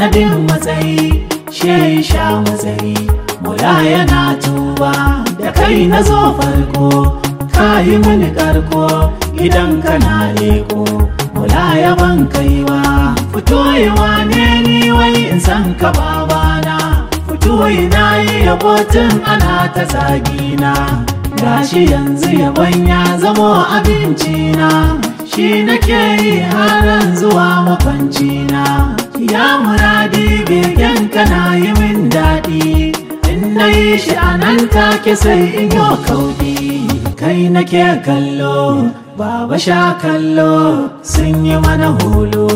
sanadin matsayi she sha matsayi mula yana tuba da kai na zo farko ka yi mini karko idan kana iko mula ya ban kaiwa fito yi wane ni wai in san ka babana fito yi na yi abotin ana ta zagina gashi yanzu yabon ya zamo abincina shi nake yi haran zuwa makwancina ya muradi begen kana yi min daɗi in na yi shi a nan take sai in yi kaudi kai nake kallo baba sha kallo sun yi mana hulu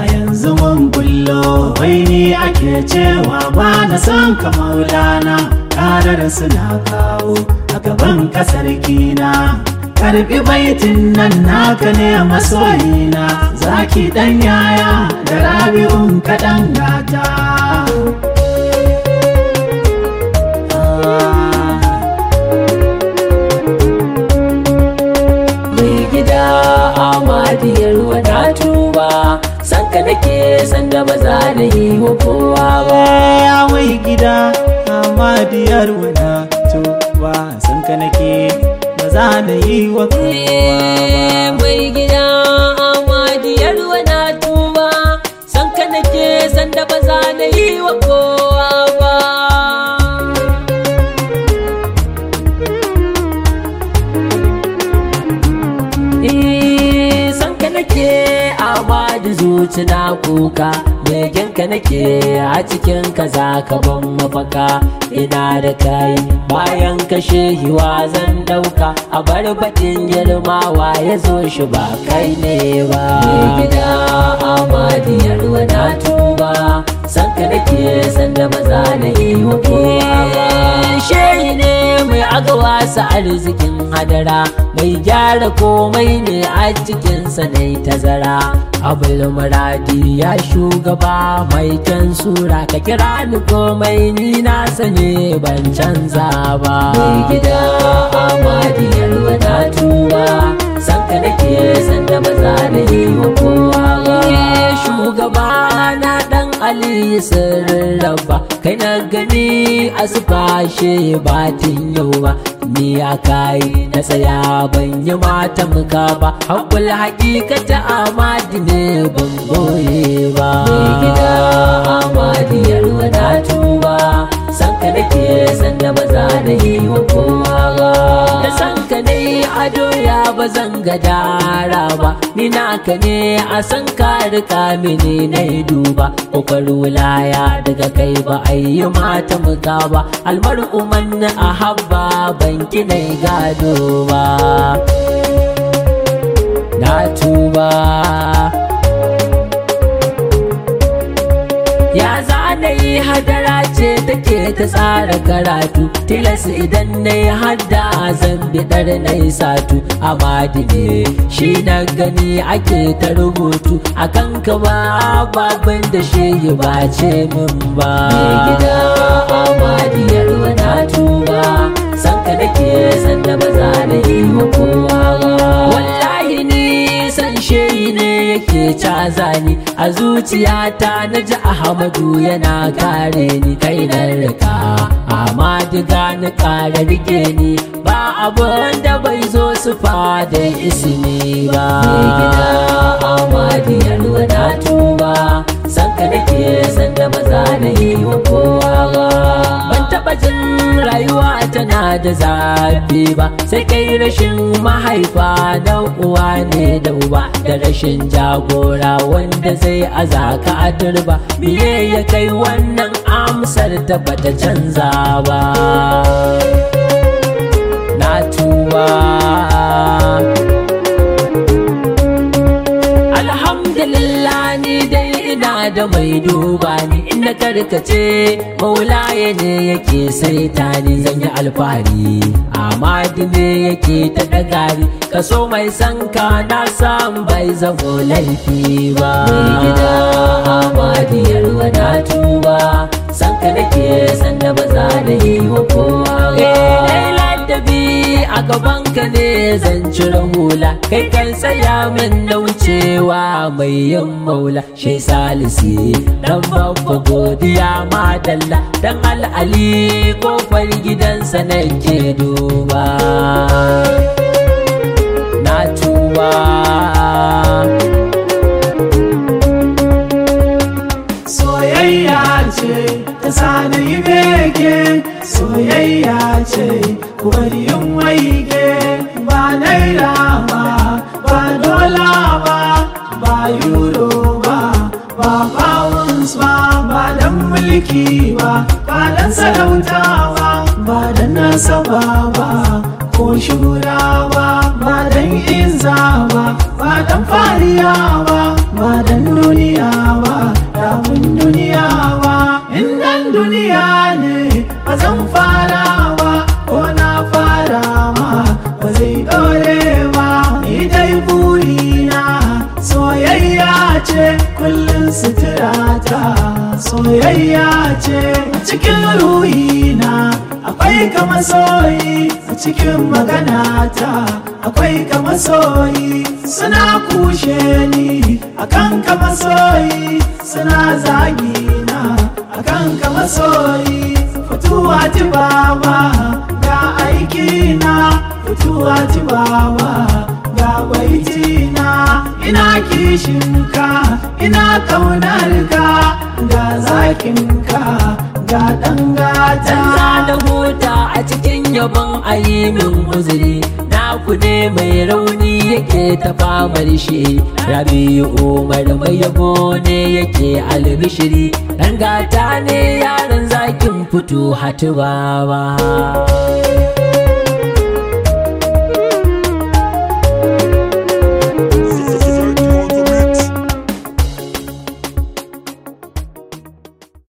a yanzu mun bullo wai ni ake cewa ba na son ka maulana ƙarar suna kawo a gaban ƙasar kina karbi baitin nan naka ne a masoyina zaki dan yaya da rabi'un kaɗan gata amadiyar wadatu ba sanka nake sanda ba za da yi wa kowa ba ya mai gida amadiyar wadatu ba sanka nake za na yi wa kowa eh, mai gida diyar wana tuba san ka nake san da ba za yi wa kowa ba eh, san ka nake amadi zuci na kuka ka nake a cikin ka za ka ban mafaka ina da kai bayan ka shehiwa zan dauka a bar bakin girmawa ya zo shi ba kai ne ba gida amadiyar wadatu ba san ka nake san da maza na yi hukuwa ba ga wasa arzikin hadara mai gyara komai ne a cikinsa ne tazara abul muradi ya shugaba mai can sura ka kira ni komai ni na sane ban canza ba mai gida amadiyar wadatu ba san ka nake san da ba za na yi wa kowa ba shugaba na dan ali sirrin rabba kai na gani a asfashe batin yau ba ni a kayi na tsaya ban yi mata muka ba haƙul hakikata amadi ne ban goye ba mai gida amadi ya wadatu ba san ka nake san da ba za na yi wa kowa ba san ne a doya ba zan ga dara ba ni ka ne a san ka rika mini na duba kokar daga kai ba ayi yi mata muka ba almar na a habba banki na gado ba na tuba ta tsara karatu tilas idan na yi hadda zambi biɗar na yi satu a ne shi na gani ake ta rubutu a kan kama baban da shehi ba ce min ba gida amadiyar wana tuba san ka nake san da ba za na yi wa kowa ca zani a zuciyata na ji ahmadu yana kare ni kai na rika amadu na kare rike ni ba abu da bai zo su fada ne ba gida amadu diyar wadatu tuba sanka nake san da maza da yi wa kowa ba ban taɓa jin rayuwa tana da zafi ba sai kai rashin mahaifa da uwa ne da uba da rashin jagora wanda zai a a turba miye ya kai wannan amsar ta bata canza ba mai duba ni na karkace maula ya ne yake sai ta ni zan yi alfahari amadi ne yake ta dagari kaso mai sanka na san bai zamo laifi ba mai gida wadatu ba sanka nake sanda ba za da yi wa kowa ba a gabanka ne zan cire hula kai kan saya min nauyi cewa mai yin maula shi salisi dan babba godiya madalla dan al'ali kofar gidansa nake duba na tuba soyayya ce ta sani beke euro ba ba ba ba dan mulki ba ba dan sarauta ba ba dan nasaba ba ko shura ba ba dan inza ba ba dan fariya ba ba dan duniya soyayya ce a cikin na. akwai kama soyi a cikin maganata akwai kama soyi suna kushe ni akan kama soyi suna zagina akan kama soyi fituwa ti baba ga aikina fituwa ti baba ga baitina ina kishinka ina kaunarka ga zakin ka ga ɗan gata da huta a cikin yabon ayi min uzuri na ne mai rauni yake ta famar shi rabi umar mai yabo ne yake albishiri ɗan gata ne yaran zakin fito hatu baba